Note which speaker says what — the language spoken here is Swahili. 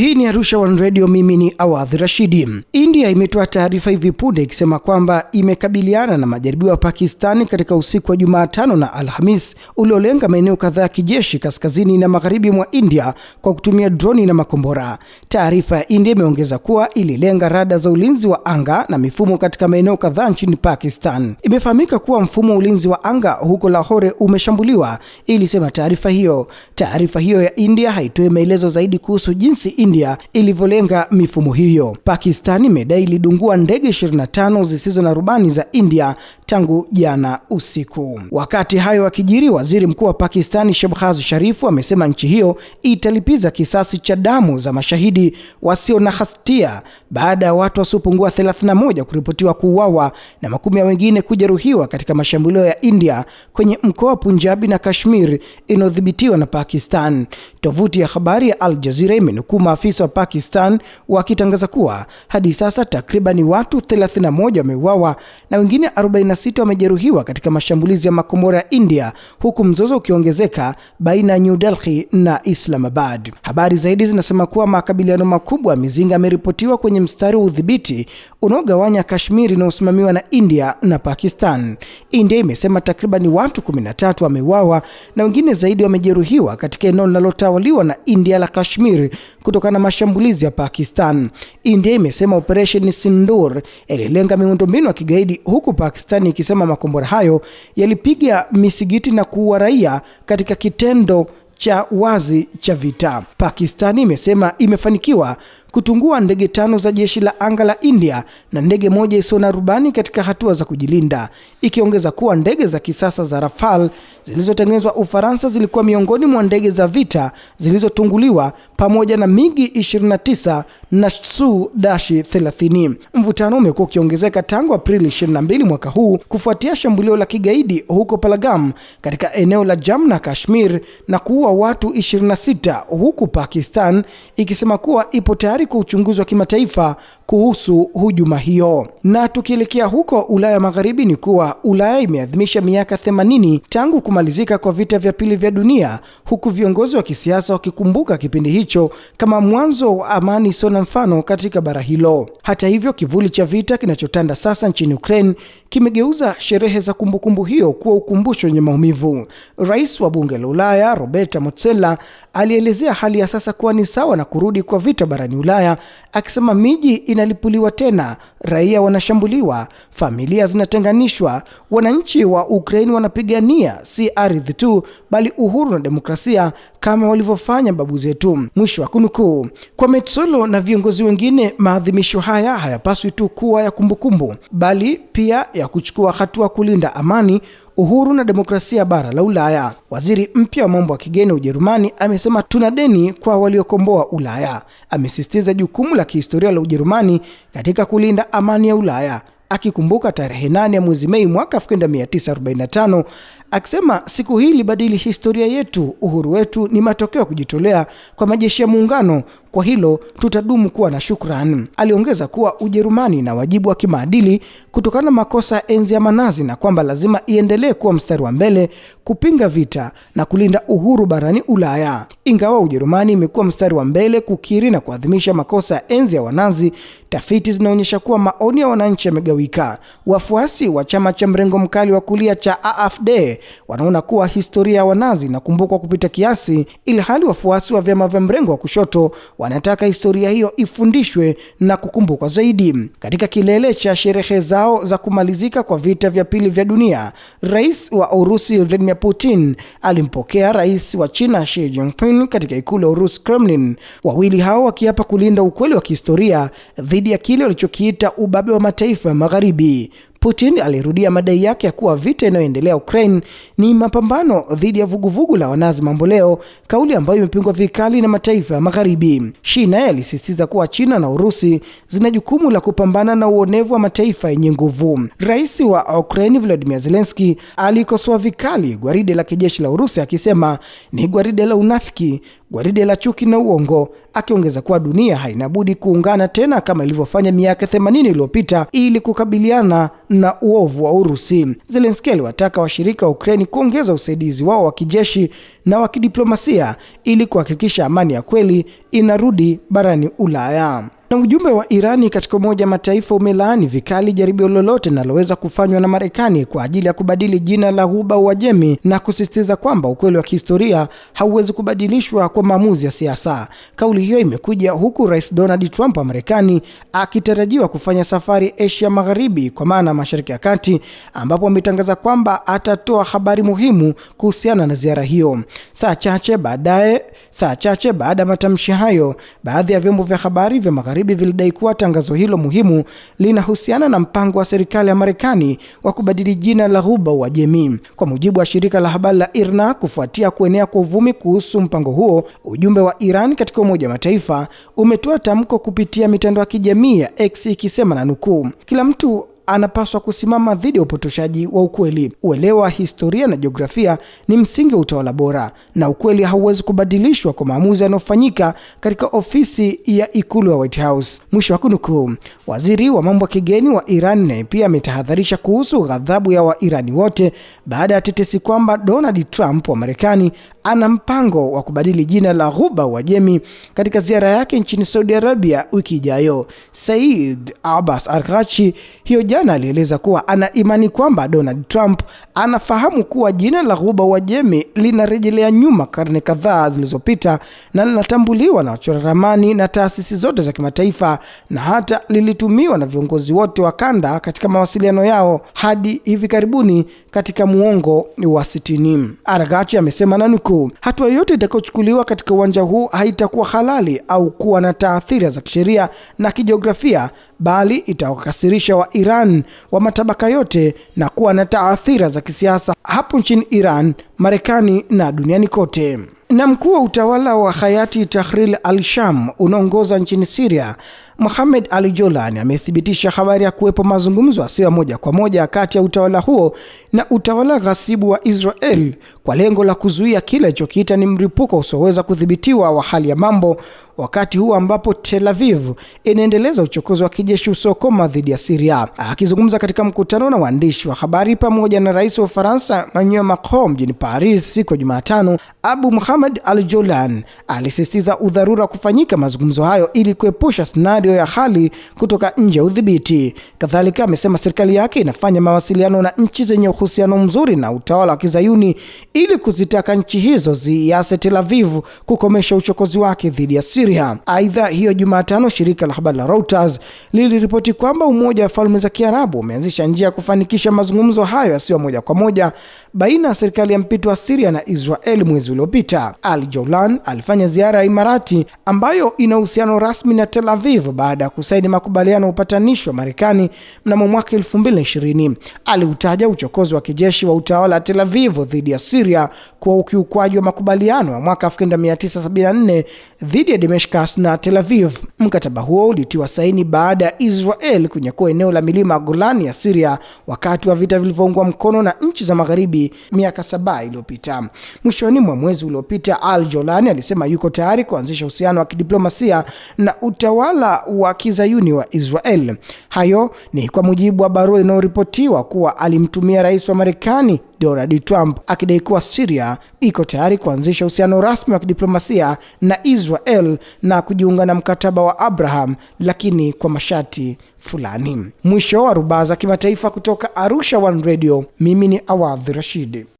Speaker 1: Hii ni Arusha One Radio, mimi ni Awadhi Rashidi. India imetoa taarifa hivi punde ikisema kwamba imekabiliana na majaribio ya Pakistani katika usiku wa Jumatano na Alhamis uliolenga maeneo kadhaa ya kijeshi kaskazini na magharibi mwa India kwa kutumia droni na makombora. Taarifa ya India imeongeza kuwa ililenga rada za ulinzi wa anga na mifumo katika maeneo kadhaa nchini Pakistan. Imefahamika kuwa mfumo wa ulinzi wa anga huko Lahore umeshambuliwa, ilisema taarifa hiyo. Taarifa hiyo ya India haitoi maelezo zaidi kuhusu jinsi India ilivyolenga mifumo hiyo. pakistani imedai ilidungua ndege 25 zisizo na rubani za India tangu jana usiku. Wakati hayo akijiri, waziri mkuu wa Pakistani Shehbaz Sharifu amesema nchi hiyo italipiza kisasi cha damu za mashahidi wasio na hatia baada ya watu wasiopungua 31 kuripotiwa kuuawa na makumi ya wengine kujeruhiwa katika mashambulio ya India kwenye mkoa wa Punjabi na Kashmir inayodhibitiwa na Pakistan. Tovuti ya habari ya Al Jazeera imenukuu maafisa wa Pakistan wakitangaza kuwa hadi sasa takribani watu 31 wameuawa na wengine 40 sita wamejeruhiwa katika mashambulizi ya makombora ya India, huku mzozo ukiongezeka baina ya New Delhi na Islamabad. Habari zaidi zinasema kuwa makabiliano makubwa ya mizinga yameripotiwa kwenye mstari wa udhibiti unaogawanya Kashmiri inayosimamiwa na India na Pakistan. India imesema takriban watu 13 wameuawa na wengine zaidi wamejeruhiwa katika eneo linalotawaliwa na India la Kashmir kutokana na mashambulizi ya Pakistan. India imesema operesheni sindur ililenga miundombinu ya kigaidi huku Pakistan Marekani ikisema makombora hayo yalipiga misigiti na kuua raia katika kitendo cha wazi cha vita. Pakistani imesema imefanikiwa kutungua ndege tano za jeshi la anga la India na ndege moja isiyo na rubani katika hatua za kujilinda, ikiongeza kuwa ndege za kisasa za Rafale zilizotengenezwa Ufaransa zilikuwa miongoni mwa ndege za vita zilizotunguliwa pamoja na migi 29 na Su-30. Mvutano umekuwa ukiongezeka tangu Aprili 22 mwaka huu kufuatia shambulio la kigaidi huko Palagam katika eneo la Jammu na Kashmir na kuua watu 26 huku Pakistan ikisema kuwa ipo tayari tayari kwa uchunguzi wa kimataifa kuhusu hujuma hiyo. Na tukielekea huko Ulaya Magharibi, ni kuwa Ulaya imeadhimisha miaka 80 tangu kumalizika kwa vita vya pili vya dunia, huku viongozi wa kisiasa wakikumbuka kipindi hicho kama mwanzo wa amani isiyo na mfano katika bara hilo. Hata hivyo, kivuli cha vita kinachotanda sasa nchini Ukraine kimegeuza sherehe za kumbukumbu hiyo kuwa ukumbusho wenye maumivu. Rais wa bunge la Ulaya Roberta Metsola alielezea hali ya sasa kuwa ni sawa na kurudi kwa vita barani Ulaya Ulaya akisema miji inalipuliwa tena, raia wanashambuliwa, familia zinatenganishwa, wananchi wa Ukraini wanapigania si ardhi tu, bali uhuru na demokrasia kama walivyofanya babu zetu, mwisho wa kunukuu. Kwa Metsolo na viongozi wengine, maadhimisho haya hayapaswi tu kuwa ya kumbukumbu, bali pia ya kuchukua hatua kulinda amani uhuru na demokrasia bara la Ulaya. Waziri mpya wa mambo ya kigeni wa Ujerumani amesema tuna deni kwa waliokomboa Ulaya. Amesisitiza jukumu la kihistoria la Ujerumani katika kulinda amani ya Ulaya, akikumbuka tarehe nane ya mwezi Mei mwaka 1945 akisema siku hii libadili historia yetu. Uhuru wetu ni matokeo ya kujitolea kwa majeshi ya muungano, kwa hilo tutadumu kuwa na shukrani. Aliongeza kuwa Ujerumani na wajibu wa kimaadili kutokana na makosa ya enzi ya Manazi na kwamba lazima iendelee kuwa mstari wa mbele kupinga vita na kulinda uhuru barani Ulaya. Ingawa Ujerumani imekuwa mstari wa mbele kukiri na kuadhimisha makosa ya enzi ya Wanazi, tafiti zinaonyesha kuwa maoni ya wananchi yamegawika. Wafuasi wa chama cha mrengo mkali wa kulia cha AfD wanaona kuwa historia ya wanazi inakumbukwa kupita kiasi, ili hali wafuasi wa vyama vya mrengo wa kushoto wanataka historia hiyo ifundishwe na kukumbukwa zaidi. Katika kilele cha sherehe zao za kumalizika kwa vita vya pili vya dunia, rais wa Urusi Vladimir Putin alimpokea rais wa China Xi Jinping katika ikulu ya Urusi, Kremlin, wawili hao wakiapa kulinda ukweli wa kihistoria dhidi ya kile walichokiita ubabe wa mataifa ya Magharibi. Putin alirudia madai yake ya kuwa vita inayoendelea Ukraine ni mapambano dhidi ya vuguvugu la wanazi mamboleo, kauli ambayo imepingwa vikali na mataifa ya Magharibi. Xi naye alisisitiza kuwa China na Urusi zina jukumu la kupambana na uonevu wa mataifa yenye nguvu. Rais wa Ukraine Volodymyr Zelensky alikosoa vikali gwaride la kijeshi la Urusi akisema ni gwaride la unafiki gwaride la chuki na uongo, akiongeza kuwa dunia haina budi kuungana tena kama ilivyofanya miaka 80 iliyopita ili kukabiliana na uovu wa Urusi. Zelensky aliwataka washirika wa Ukraini kuongeza usaidizi wao wa kijeshi na wa kidiplomasia ili kuhakikisha amani ya kweli inarudi barani Ulaya. Na ujumbe wa Irani katika Umoja wa Mataifa umelaani vikali jaribio lolote linaloweza kufanywa na Marekani kwa ajili ya kubadili jina la Ghuba Uajemi na kusisitiza kwamba ukweli wa kihistoria hauwezi kubadilishwa kwa maamuzi ya siasa. Kauli hiyo imekuja huku Rais Donald Trump wa Marekani akitarajiwa kufanya safari Asia Magharibi, kwa maana Mashariki ya Kati, ambapo ametangaza kwamba atatoa habari muhimu kuhusiana na ziara hiyo. Saa chache baadaye, saa chache baada ya matamshi hayo, baadhi ya vyombo vya habari vya Magharibi Magharibi vilidai kuwa tangazo hilo muhimu linahusiana na mpango wa serikali ya Marekani wa kubadili jina la Ghuba Uajemi. Kwa mujibu wa shirika la habari la IRNA, kufuatia kuenea kwa uvumi kuhusu mpango huo, ujumbe wa Iran katika Umoja wa Mataifa umetoa tamko kupitia mitandao ya kijamii ya X ikisema na nukuu, kila mtu anapaswa kusimama dhidi ya upotoshaji wa ukweli. Uelewa historia na jiografia ni msingi wa utawala bora, na ukweli hauwezi kubadilishwa kwa maamuzi yanayofanyika katika ofisi ya ikulu ya White House. Mwisho wa kunukuu. Waziri wa mambo ya kigeni wa Iran naye pia ametahadharisha kuhusu ghadhabu ya Wairani wote baada ya tetesi kwamba Donald Trump wa Marekani ana mpango wa kubadili jina la Ghuba Uajemi katika ziara yake nchini Saudi Arabia wiki ijayo. Said Abbas arghachi hiyo jana alieleza kuwa ana imani kwamba Donald Trump anafahamu kuwa jina la Ghuba Uajemi linarejelea nyuma karne kadhaa zilizopita na linatambuliwa na wachora ramani na taasisi zote za kimataifa na hata lilitumiwa na viongozi wote wa kanda katika mawasiliano yao hadi hivi karibuni katika muongo wa sitini. Araghchi amesema nanuku huu. Hatua yoyote itakayochukuliwa katika uwanja huu haitakuwa halali au kuwa na taathira za kisheria na kijiografia, bali itawakasirisha wa Iran wa matabaka yote na kuwa na taathira za kisiasa hapo nchini Iran, Marekani na duniani kote. Na mkuu wa utawala wa hayati Tahrir al-Sham unaongoza nchini Syria Mohamed Ali Jolani amethibitisha habari ya kuwepo mazungumzo yasiyo ya moja kwa moja kati ya utawala huo na utawala ghasibu wa Israel kwa lengo la kuzuia kile alichokiita ni mripuko usioweza kudhibitiwa wa hali ya mambo, wakati huu ambapo Tel Aviv inaendeleza uchokozi wa kijeshi usiokoma dhidi ya Syria. Akizungumza katika mkutano na waandishi wa habari pamoja na rais wa Ufaransa Emmanuel Macron mjini Paris siku ya Jumatano, Abu Mohamed Al Jolan alisisitiza udharura wa kufanyika mazungumzo hayo ili kuepusha scenario maendeleo ya hali kutoka nje ya udhibiti. Kadhalika amesema serikali yake inafanya mawasiliano na nchi zenye uhusiano mzuri na utawala wa kizayuni ili kuzitaka nchi hizo ziase Tel Aviv kukomesha uchokozi wake dhidi ya Syria. Aidha, hiyo Jumatano shirika la habari la Reuters liliripoti kwamba Umoja wa Falme za Kiarabu umeanzisha njia ya kufanikisha mazungumzo hayo yasiyo moja kwa moja baina ya serikali ya mpito wa Syria na Israel mwezi uliopita. Al Joulan alifanya ziara ya Imarati ambayo ina uhusiano rasmi na Tel Aviv baada ya kusaini makubaliano ya upatanishi wa Marekani mnamo mwaka 2020. Aliutaja uchokozi wa kijeshi wa utawala wa Tel Aviv dhidi ya Syria kuwa ukiukwaji wa makubaliano ya mwaka 1974 dhidi ya Damascus na Tel Aviv. Mkataba huo ulitiwa saini baada ya Israel kunyakua eneo la milima Golani ya Syria wakati wa vita vilivyoungwa mkono na nchi za magharibi miaka saba iliyopita. Mwishoni mwa mwezi uliopita, Al Jolani alisema yuko tayari kuanzisha uhusiano wa kidiplomasia na utawala wa kizayuni wa Israel. Hayo ni kwa mujibu wa barua inayoripotiwa kuwa alimtumia rais wa Marekani Donald Trump akidai kuwa Syria iko tayari kuanzisha uhusiano rasmi wa kidiplomasia na Israel na kujiunga na mkataba wa Abraham, lakini kwa masharti fulani. Mwisho wa rubaa za kimataifa kutoka Arusha One Radio, mimi ni Awadhi Rashidi.